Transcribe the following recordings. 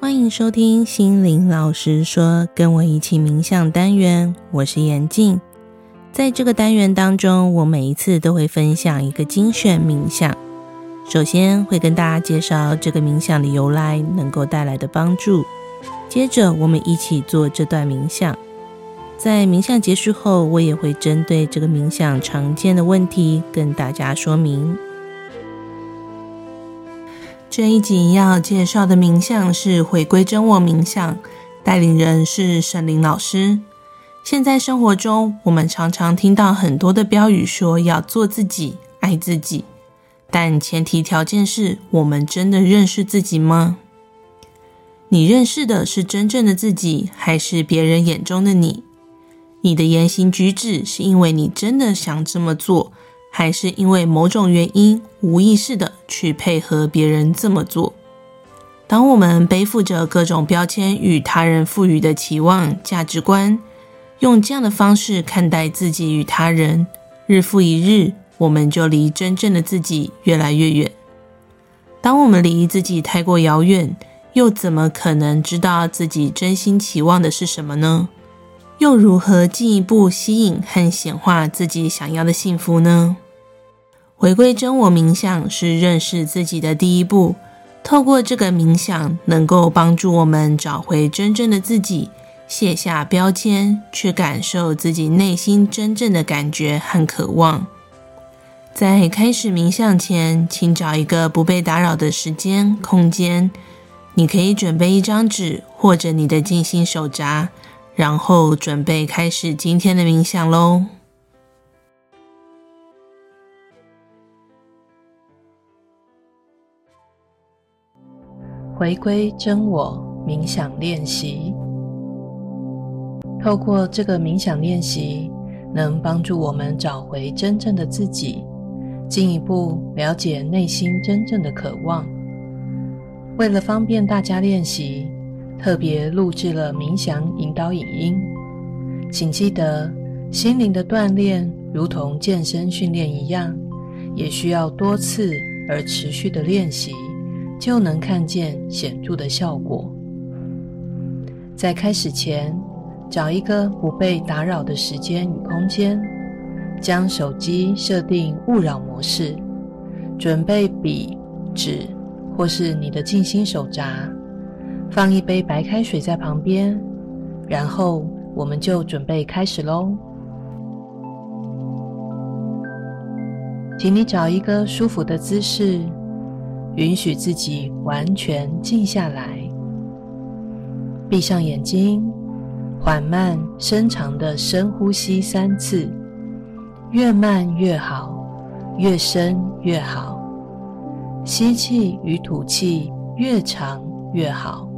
歡迎收聽心靈老師說，跟我一起冥想單元。我是妍靜，在這個單元當中，我每一次都會分享一個精選冥想。首先會跟大家介紹這個冥想的由來，能夠帶來的幫助。接着我們一起做這段冥想，在冥想結束後，我也會針對這個冥想常見的問題跟大家說明。這一集要介紹的冥想是回歸真我冥想，帶領人是沈伶老師。現在生活中，我們常常聽到很多的標語，說要做自己、愛自己，但前提條件是我們真的認識自己嗎？你認識的是真正的自己，還是別人眼中的你？你的言行舉止是因為你真的想這麼做？還是因為某種原因，無意識的去配合別人這麼做。當我們背負着各種標籤與他人賦予的期望、價值觀，用這樣的方式看待自己與他人，日復一日，我們就離真正的自己越來越遠。當我們離自己太過遙遠，又怎麼可能知道自己真心期望的是什麼呢？又如何進一步吸引和顯化自己想要的幸福呢？回歸真我冥想是認識自己的第一步。透過這個冥想，能夠幫助我們找回真正的自己，卸下標籤，去感受自己內心真正的感覺和渴望。在開始冥想前，請找一個不被打擾的時間空間。你可以準備一張紙或者你的靜心手札。然後準備開始今天的冥想嘍。回歸真我冥想練習，透過這個冥想練習，能幫助我們找回真正的自己，進一步了解內心真正的渴望。為了方便大家練習，特別錄製了冥想引導影音，請記得，心靈的鍛鍊如同健身訓練一樣，也需要多次而持續的練習，就能看見顯著的效果。在開始前，找一個不被打擾的時間與空間，將手機設定勿擾模式，準備筆、紙，或是你的靜心手札。放一杯白開水在旁邊，然後我們就準備開始嘍。請你找一個舒服的姿勢，允許自己完全靜下來。閉上眼睛，緩慢深長的深呼吸三次，越慢越好，越深越好，吸氣與吐氣越長越好。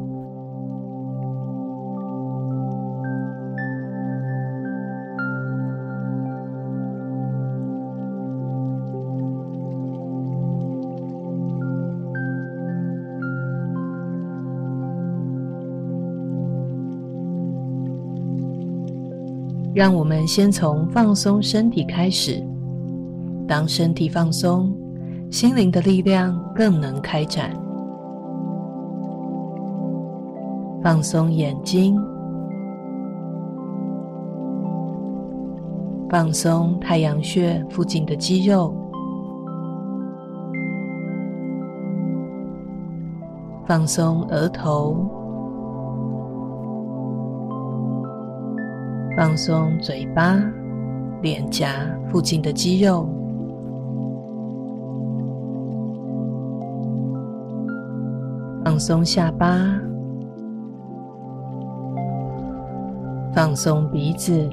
讓我們先從放鬆身體開始。當身體放鬆，心靈的力量更能開展。放鬆眼睛，放鬆太陽穴附近的肌肉，放鬆額頭。放鬆嘴巴、臉頰附近的肌肉，放鬆下巴，放鬆鼻子，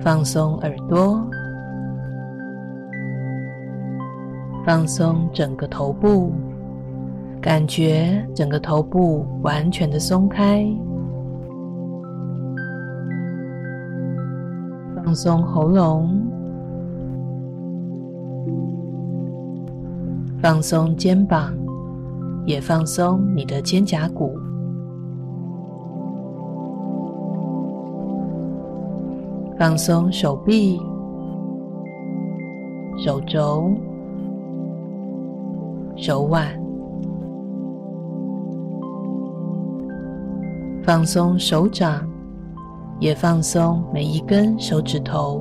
放鬆耳朵，放鬆整個頭部。感覺整個頭部完全的鬆開，放鬆喉嚨，放鬆肩膀，也放鬆你的肩胛骨，放鬆手臂、手肘、手腕。放鬆手掌，也放鬆每一根手指頭。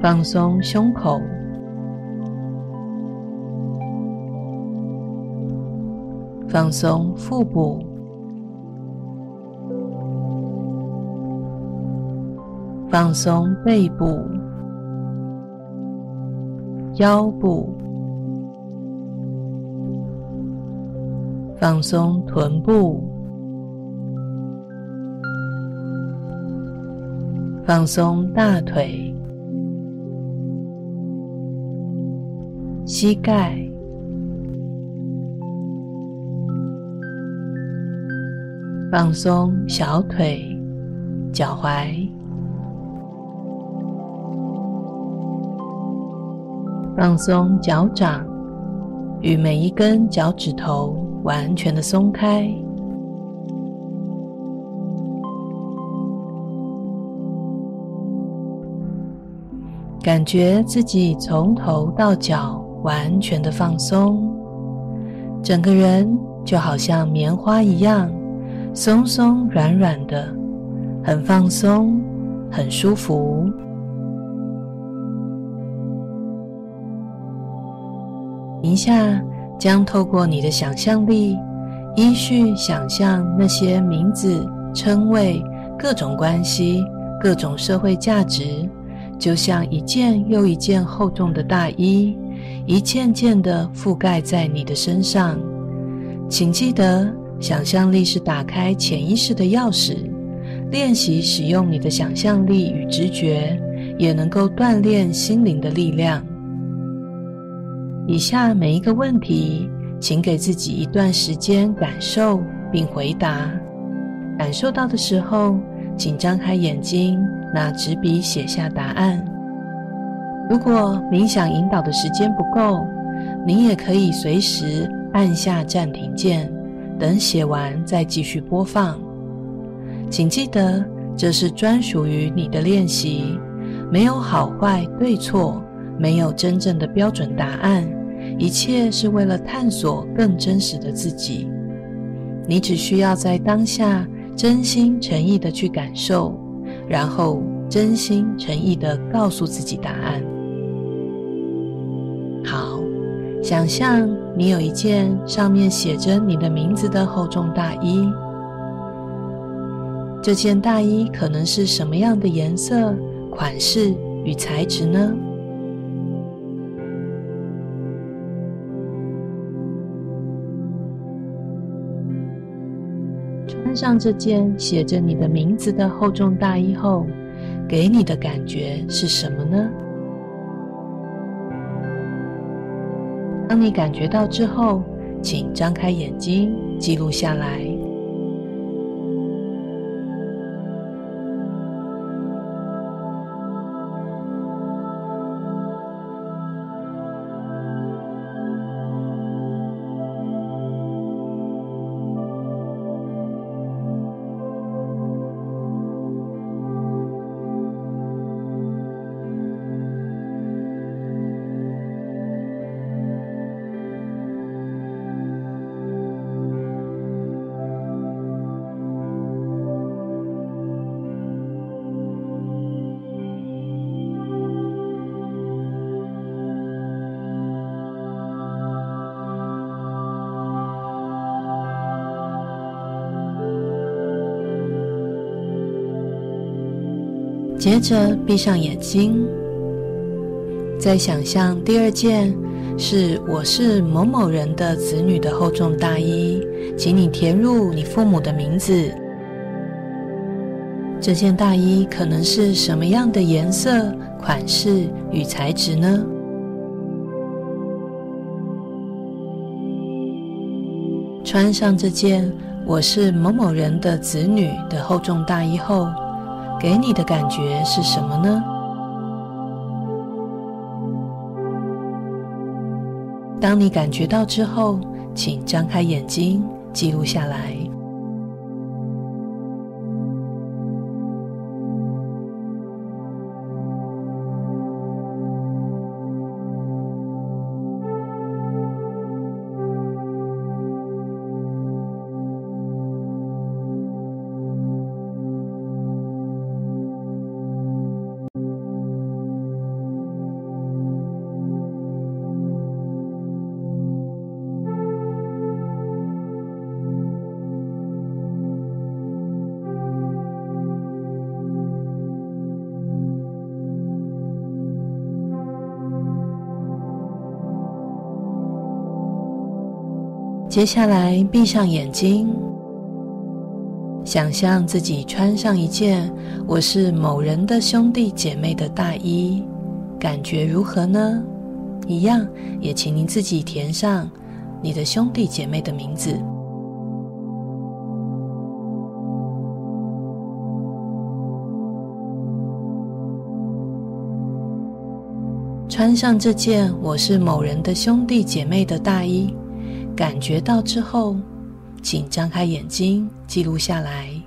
放鬆胸口，放鬆腹部，放鬆背部、腰部。放鬆臀部，放鬆大腿、膝蓋，放鬆小腿、腳踝，放鬆腳掌，與每一根腳趾頭。完全的鬆開，感覺自己從頭到腳完全的放鬆，整個人就好像棉花一樣鬆鬆軟軟的，很放鬆，很舒服。一下。將透過你的想象力，依序想象那些名字、稱謂、各種關係、各種社會價值，就像一件又一件厚重的大衣，一件件的覆蓋在你的身上。請記得，想象力是打開潛意識的鑰匙，練習使用你的想象力與直覺，也能夠鍛鍊心靈的力量。以下每一個問題，請給自己一段時間感受並回答。感受到的時候，請張開眼睛，拿紙筆寫下答案。如果冥想引導的時間不夠，您也可以隨時按下暫停鍵，等寫完再繼續播放。請記得，這是專屬於你的練習，沒有好壞對錯，沒有真正的標準答案。一切是為了探索更真實的自己。你只需要在當下真心誠意的去感受，然後真心誠意的告訴自己答案。好，想象你有一件上面寫着你的名字的厚重大衣。這件大衣可能是什麼樣的顏色、款式與材質呢？穿上這件寫着你的名字的厚重大衣後，給你的感覺是什麼呢？當你感覺到之後，請張開眼睛記錄下來。接着閉上眼睛，再想象第二件是我是某某人的子女的厚重大衣，請你填入你父母的名字。這件大衣可能是什麼樣的顏色、款式與材質呢？穿上這件我是某某人的子女的厚重大衣後。給你的感覺是什麼呢？當你感覺到之後，請張開眼睛，記錄下來。接下來，閉上眼睛，想象自己穿上一件“我是某人的兄弟姐妹”的大衣，感覺如何呢？一樣，也請您自己填上你的兄弟姐妹的名字。穿上這件“我是某人的兄弟姐妹”的大衣。感覺到之後，請張開眼睛，記錄下來。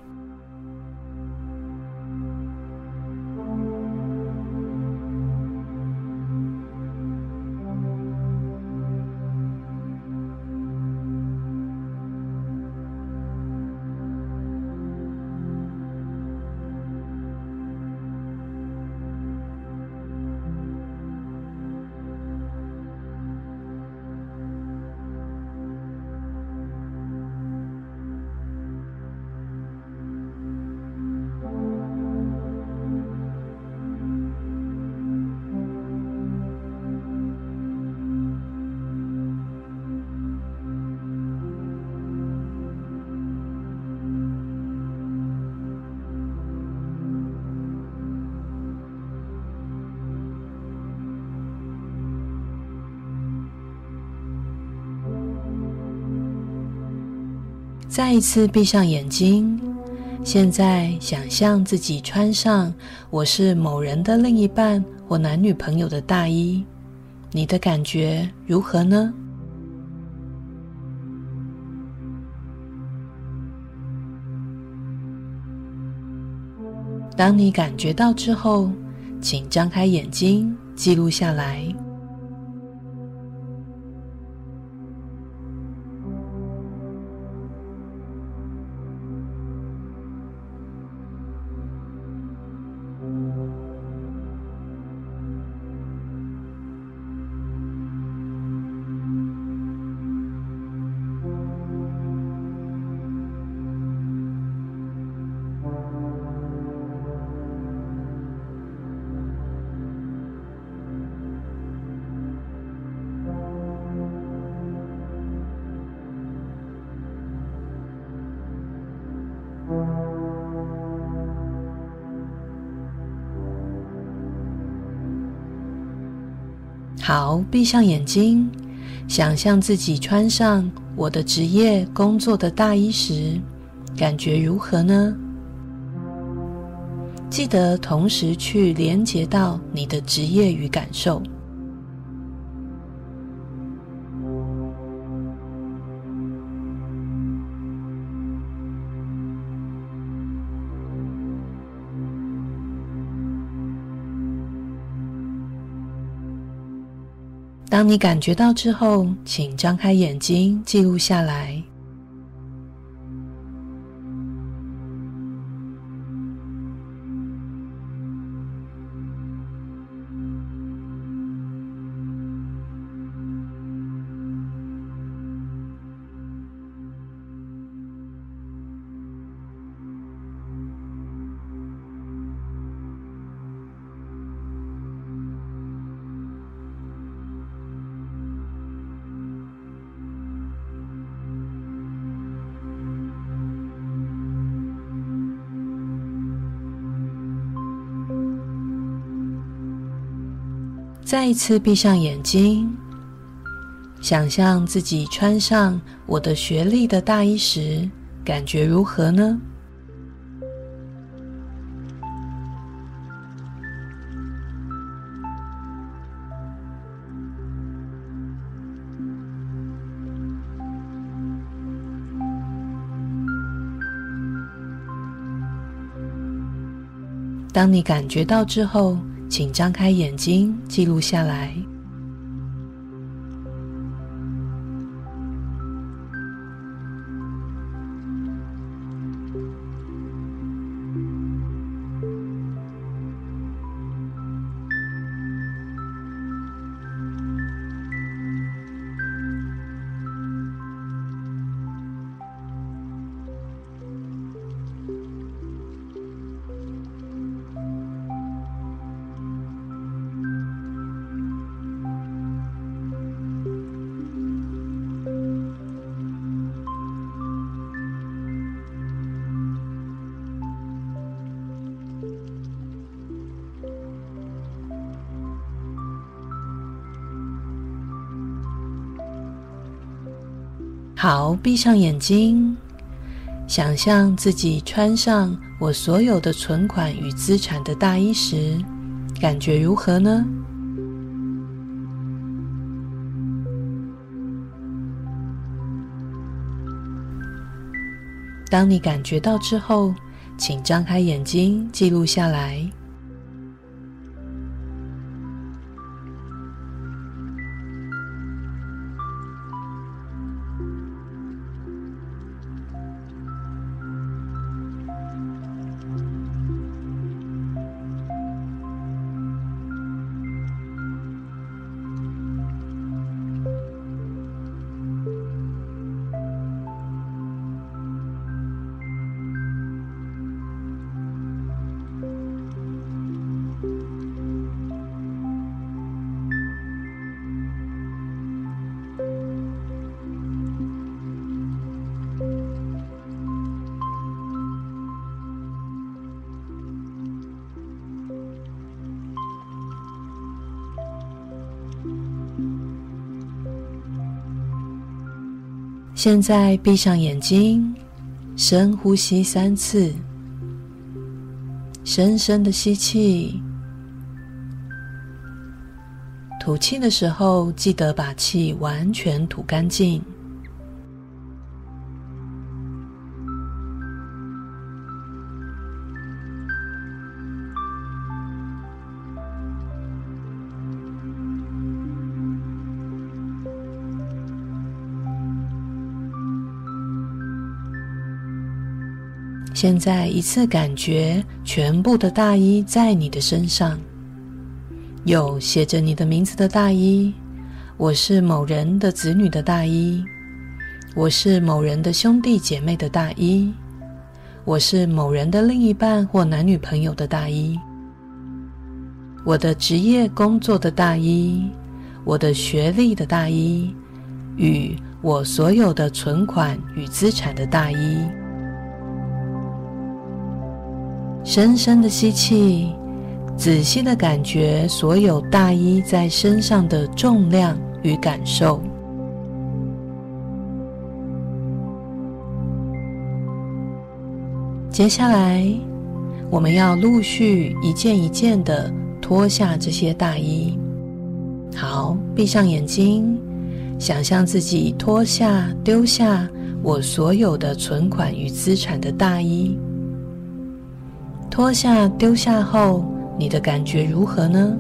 再一次閉上眼睛，現在想象自己穿上我是某人的另一半或男女朋友的大衣，你的感覺如何呢？當你感覺到之後，請張開眼睛，記錄下來。好，閉上眼睛，想象自己穿上我的職業工作的大衣時，感覺如何呢？記得同時去連接到你的職業與感受。當你感覺到之後，請張開眼睛記錄下來。再一次閉上眼睛，想象自己穿上我的學歷的大衣時，感覺如何呢？當你感覺到之後。請張開眼睛，記錄下來。好，閉上眼睛，想象自己穿上我所有的存款與資產的大衣時，感覺如何呢？當你感覺到之後，請張開眼睛，記錄下來。現在閉上眼睛，深呼吸三次，深深的吸氣，吐氣的時候記得把氣完全吐乾淨。現在一次感覺，全部的大衣在你的身上。有寫着你的名字的大衣，我是某人的子女的大衣，我是某人的兄弟姐妹的大衣，我是某人的另一半或男女朋友的大衣，我的職業工作的大衣，我的學歷的大衣，與我所有的存款與資產的大衣。深深的吸氣，仔細的感覺所有大衣在身上的重量與感受。接下來，我們要陸續一件一件的脫下這些大衣。好，閉上眼睛，想象自己脫下、丟下我所有的存款與資產的大衣。脫下、丟下後，你的感覺如何呢？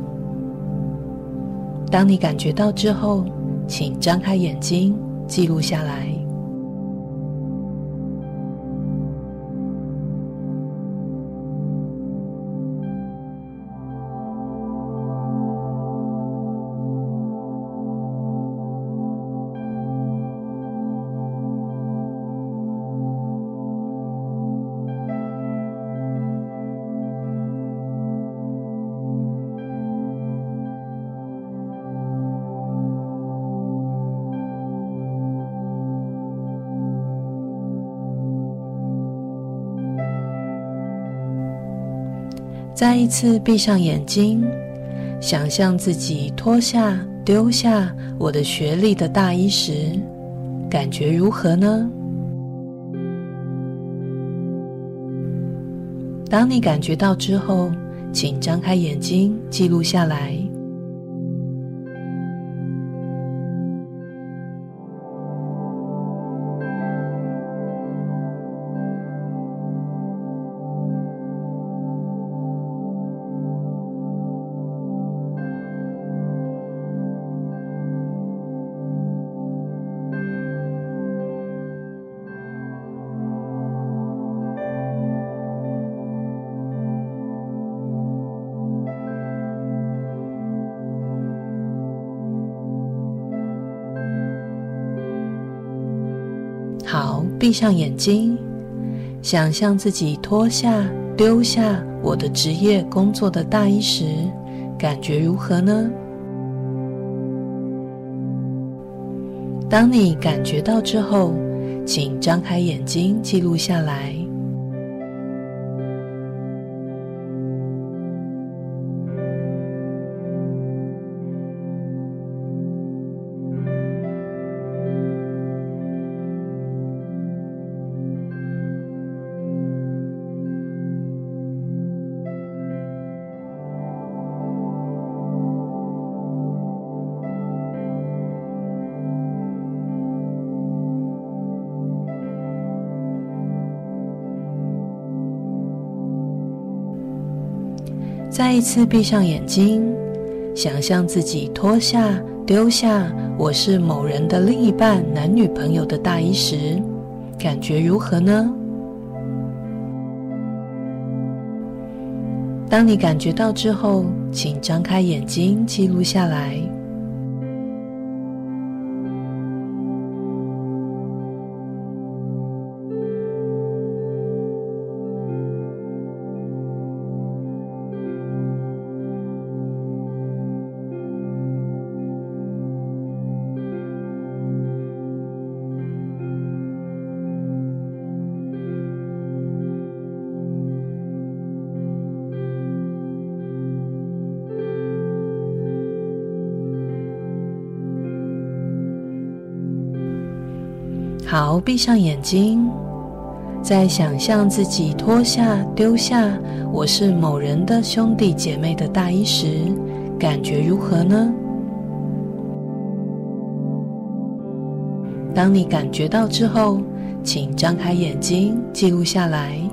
當你感覺到之後，請張開眼睛，記錄下來。再一次閉上眼睛，想象自己脫下、丟下我的學歷的大衣時，感覺如何呢？當你感覺到之後，請張開眼睛，記錄下來。閉上眼睛，想象自己脫下、丟下我的職業工作的大衣時，感覺如何呢？當你感覺到之後，請張開眼睛，記錄下來。再一次閉上眼睛，想象自己脫下、丟下我是某人的另一半、男女朋友的大衣時，感覺如何呢？當你感覺到之後，請張開眼睛，記錄下來。閉上眼睛，在想象自己脫下、丟下我是某人的兄弟姐妹的大衣時，感覺如何呢？當你感覺到之後，請張開眼睛，記錄下來。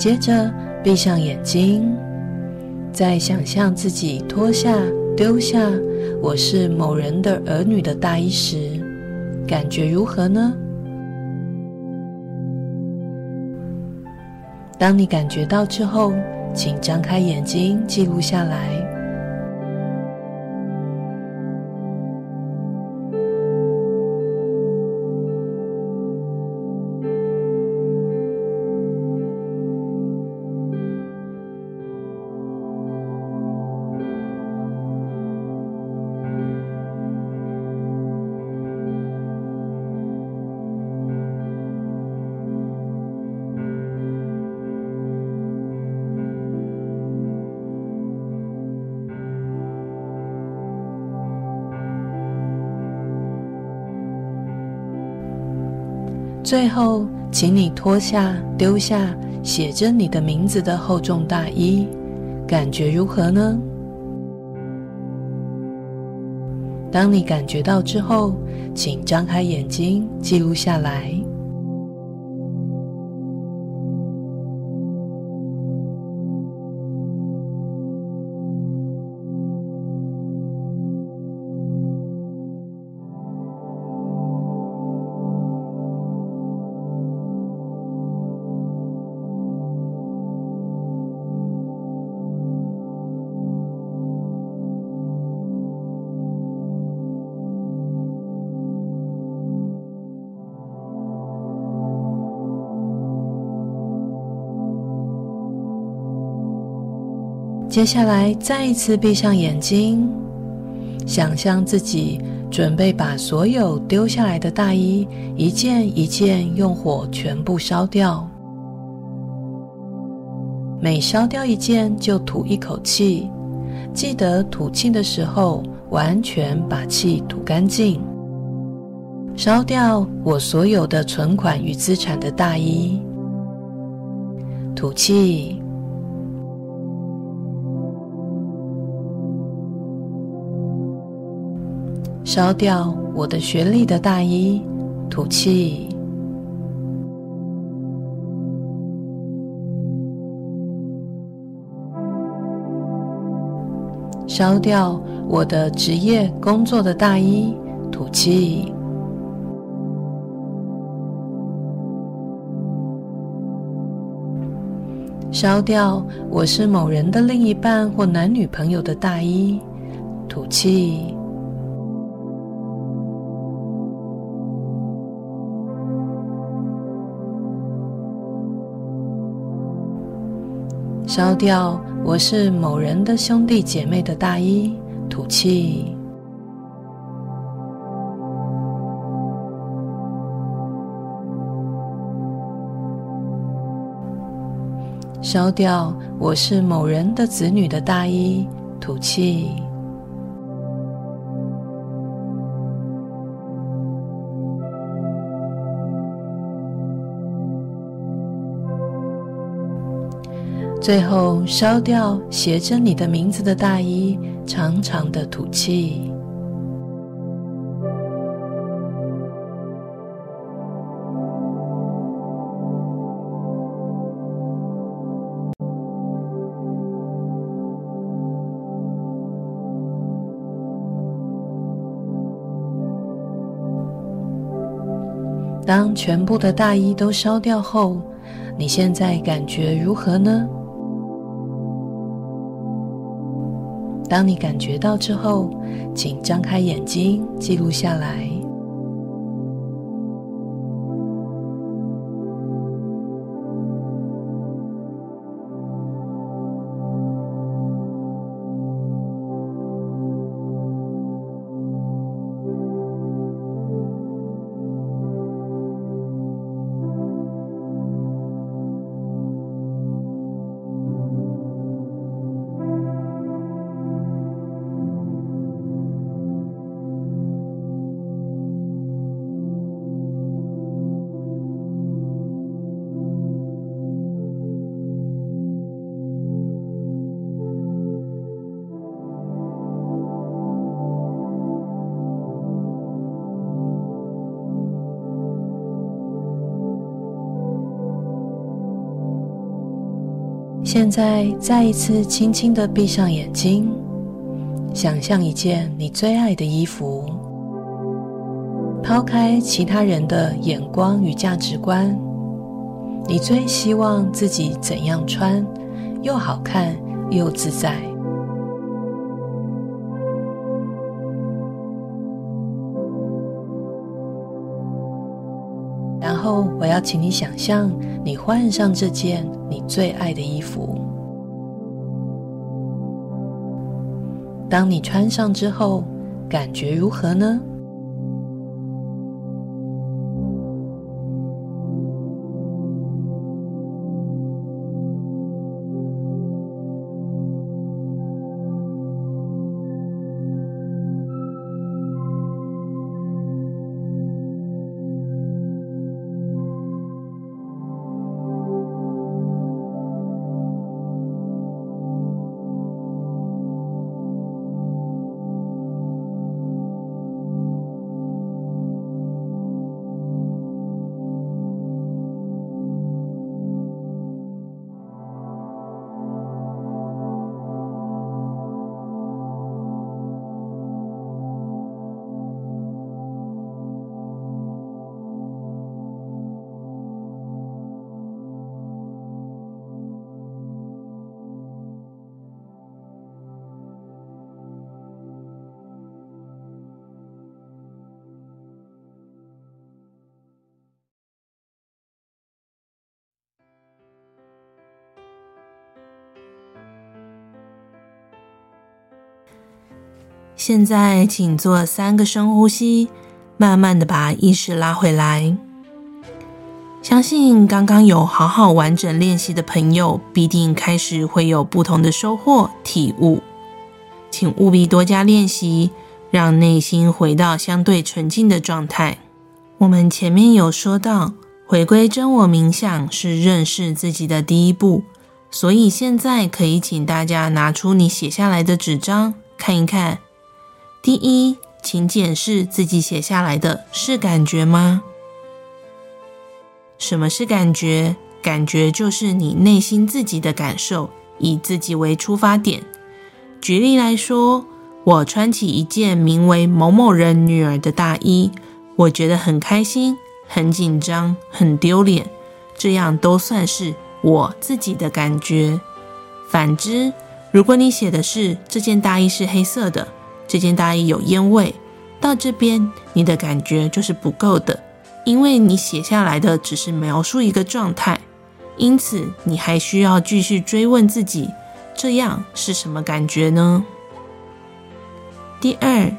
接着閉上眼睛，再想象自己脫下、丟下“我是某人的兒女”的大衣時，感覺如何呢？當你感覺到之後，請張開眼睛記錄下來。最後，請你脫下、丟下寫着你的名字的厚重大衣，感覺如何呢？當你感覺到之後，請張開眼睛，記錄下來。接下來，再一次閉上眼睛，想象自己準備把所有丟下來的大衣一件一件用火全部燒掉。每燒掉一件就吐一口氣，記得吐氣的時候完全把氣吐乾淨。燒掉我所有的存款與資產的大衣，吐氣。燒掉我的學歷的大衣，吐氣。燒掉我的職業工作的大衣，吐氣。燒掉我是某人的另一半或男女朋友的大衣，吐氣。燒掉我是某人的兄弟姐妹的大衣，吐氣。燒掉我是某人的子女的大衣，吐氣。最後燒掉寫着你的名字的大衣，長長的吐氣。當全部的大衣都燒掉後，你現在感覺如何呢？當你感覺到之後，請張開眼睛，記錄下來。現在再一次輕輕的閉上眼睛，想象一件你最愛的衣服，拋開其他人的眼光與價值觀，你最希望自己怎樣穿，又好看又自在。請你想象，你換上這件你最愛的衣服。當你穿上之後，感覺如何呢？現在，請做三個深呼吸，慢慢的把意識拉回來。相信剛剛有好好完整練習的朋友，必定開始會有不同的收穫體悟。請務必多加練習，讓內心回到相對純淨的狀態。我們前面有說到，回歸真我冥想是認識自己的第一步，所以現在可以請大家拿出你寫下來的紙張，看一看。第一，請檢視自己寫下來的是感覺嗎？什麼是感覺？感覺就是你內心自己的感受，以自己為出發點。舉例來說，我穿起一件名為某某人女兒的大衣，我覺得很開心、很緊張、很丟臉，這樣都算是我自己的感覺。反之，如果你寫的是這件大衣是黑色的，這件大衣有煙味，到這邊你的感覺就是不夠的。因為你寫下來的只是描述一個狀態，因此你還需要繼續追問自己，這樣是什麼感覺呢？第二，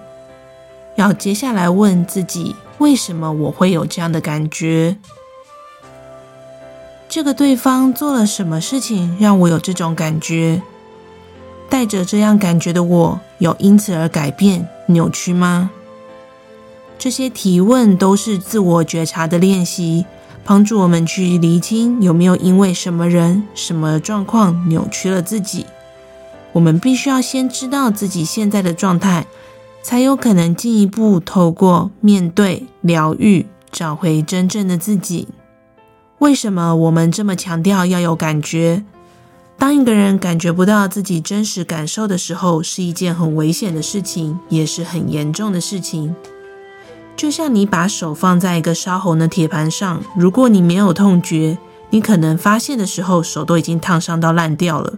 要接下來問自己，為什麼我會有這樣的感覺？這個對方做了什麼事情讓我有這種感覺？帶着這樣感覺的我，有因此而改變扭曲嗎？這些提問都是自我覺察的練習，幫助我們去釐清有沒有因為什麼人、什麼狀況扭曲了自己。我們必須要先知道自己現在的狀態，才有可能進一步透過面對、療癒，找回真正的自己。為什麼我們這麼強調要有感覺？當一個人感覺不到自己真實感受的時候，是一件很危險的事情，也是很嚴重的事情。就像你把手放在一個燒紅的鐵盤上，如果你沒有痛覺，你可能發現的時候手都已經燙傷到爛掉了。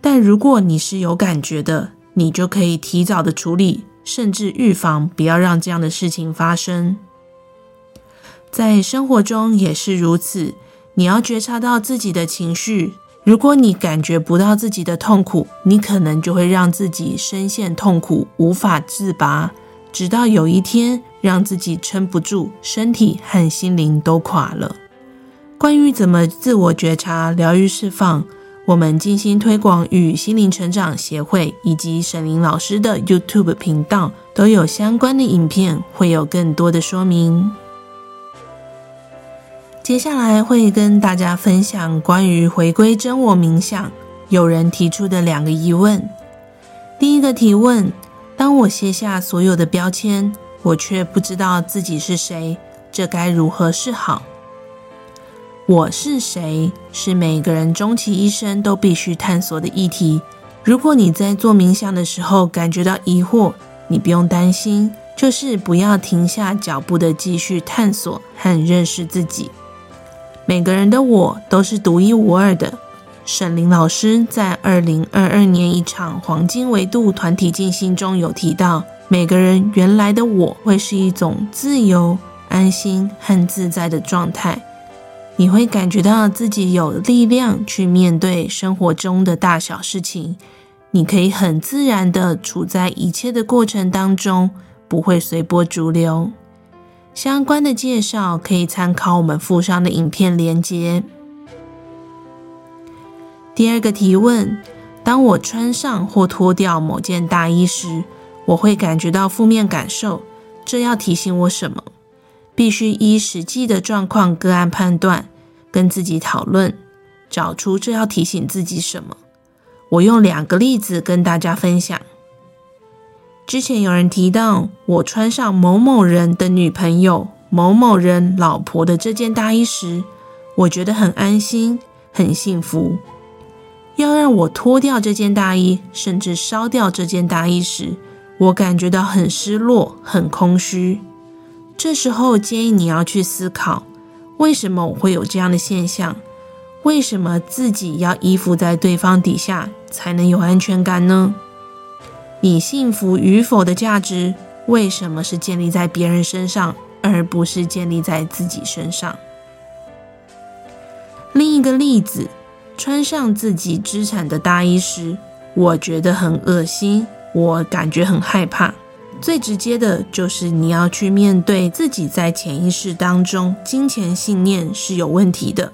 但如果你是有感覺的，你就可以提早的處理，甚至預防，不要讓這樣的事情發生。在生活中也是如此，你要覺察到自己的情緒。如果你感覺不到自己的痛苦，你可能就會讓自己深陷痛苦無法自拔，直到有一天讓自己撐不住，身體和心靈都垮了。關於怎麼自我覺察、療癒、釋放，我們靜心推廣與心靈成長協會以及沈伶老師的 YouTube 頻道都有相關的影片，會有更多的說明。接下來會跟大家分享關於回歸真我冥想有人提出的兩個疑問。第一個提問：當我卸下所有的標籤，我卻不知道自己是誰，這該如何是好？我是誰，是每個人終其一生都必須探索的議題。如果你在做冥想的時候感覺到疑惑，你不用擔心，就是不要停下腳步的繼續探索和認識自己。每個人的我都是獨一無二的。沈伶老師在二零二二年一場黃金維度團體進行中有提到，每個人原來的我會是一種自由、安心和自在的狀態。你會感覺到自己有力量去面對生活中的大小事情，你可以很自然的處在一切的過程當中，不會隨波逐流。相關的介紹可以參考我們附上的影片連接。第二個提問：當我穿上或脫掉某件大衣時，我會感覺到負面感受，這要提醒我什麼？必須依實際的狀況個案判斷，跟自己討論，找出這要提醒自己什麼。我用兩個例子跟大家分享。之前有人提到，我穿上某某人的女朋友、某某人老婆的這件大衣時，我覺得很安心、很幸福；要讓我脫掉這件大衣，甚至燒掉這件大衣時，我感覺到很失落、很空虛。這時候建議你要去思考：為什麼我會有這樣的現象？為什麼自己要依附在對方底下才能有安全感呢？你幸福與否的價值，為什麼是建立在別人身上，而不是建立在自己身上？另一個例子，穿上自己資產的大衣時，我覺得很噁心，我感覺很害怕。最直接的就是你要去面對自己在潛意識當中，金錢信念是有問題的。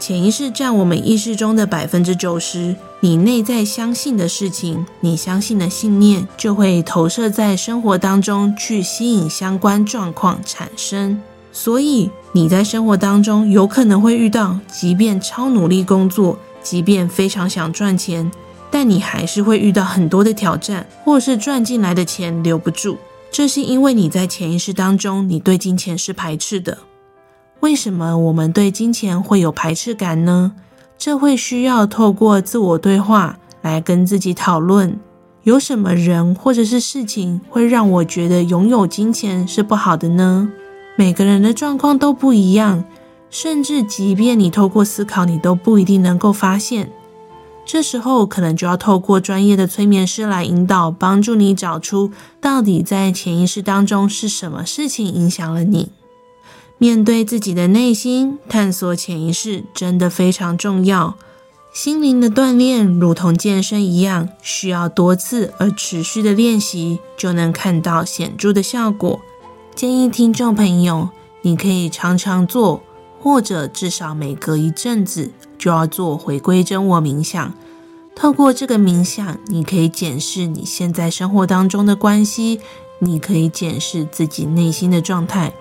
潛意識占我們意識中的百分之九十，你內在相信的事情，你相信的信念，就會投射在生活當中去吸引相關狀況產生。所以你在生活當中有可能會遇到，即便超努力工作，即便非常想賺錢，但你還是會遇到很多的挑戰，或是賺進來的錢留不住。這是因為你在潛意識當中，你對金錢是排斥的。為什麼我們對金錢會有排斥感呢？這會需要透過自我對話來跟自己討論，有什麼人或者是事情會讓我覺得擁有金錢是不好的呢？每個人的狀況都不一樣，甚至即便你透過思考，你都不一定能夠發現。這時候可能就要透過專業的催眠師來引導，幫助你找出到底在潛意識當中是什麼事情影響了你。面對自己的內心，探索潛意識真的非常重要。心靈的鍛鍊如同健身一樣，需要多次而持續的練習，就能看到顯著的效果。建議聽眾朋友，你可以常常做，或者至少每隔一陣子就要做回歸真我冥想。透過這個冥想，你可以檢視你現在生活當中的關係，你可以檢視自己內心的狀態。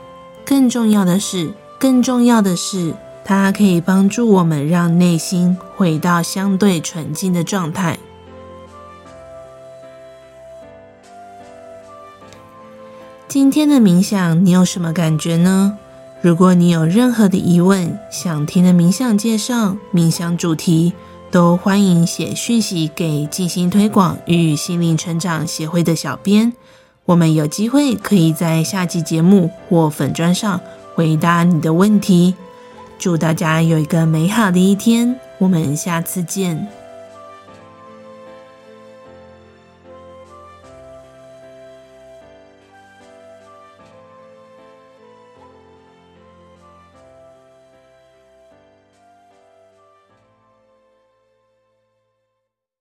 更重要的是，更重要的是，它可以幫助我們讓內心回到相對純淨的狀態。今天的冥想你有什麼感覺呢？如果你有任何的疑問，想聽的冥想介紹、冥想主題，都歡迎寫訊息給靜心推廣與心靈成長協會的小編。我們有機會可以在下期節目或粉專上回答你的問題。祝大家有一個美好的一天，我們下次見。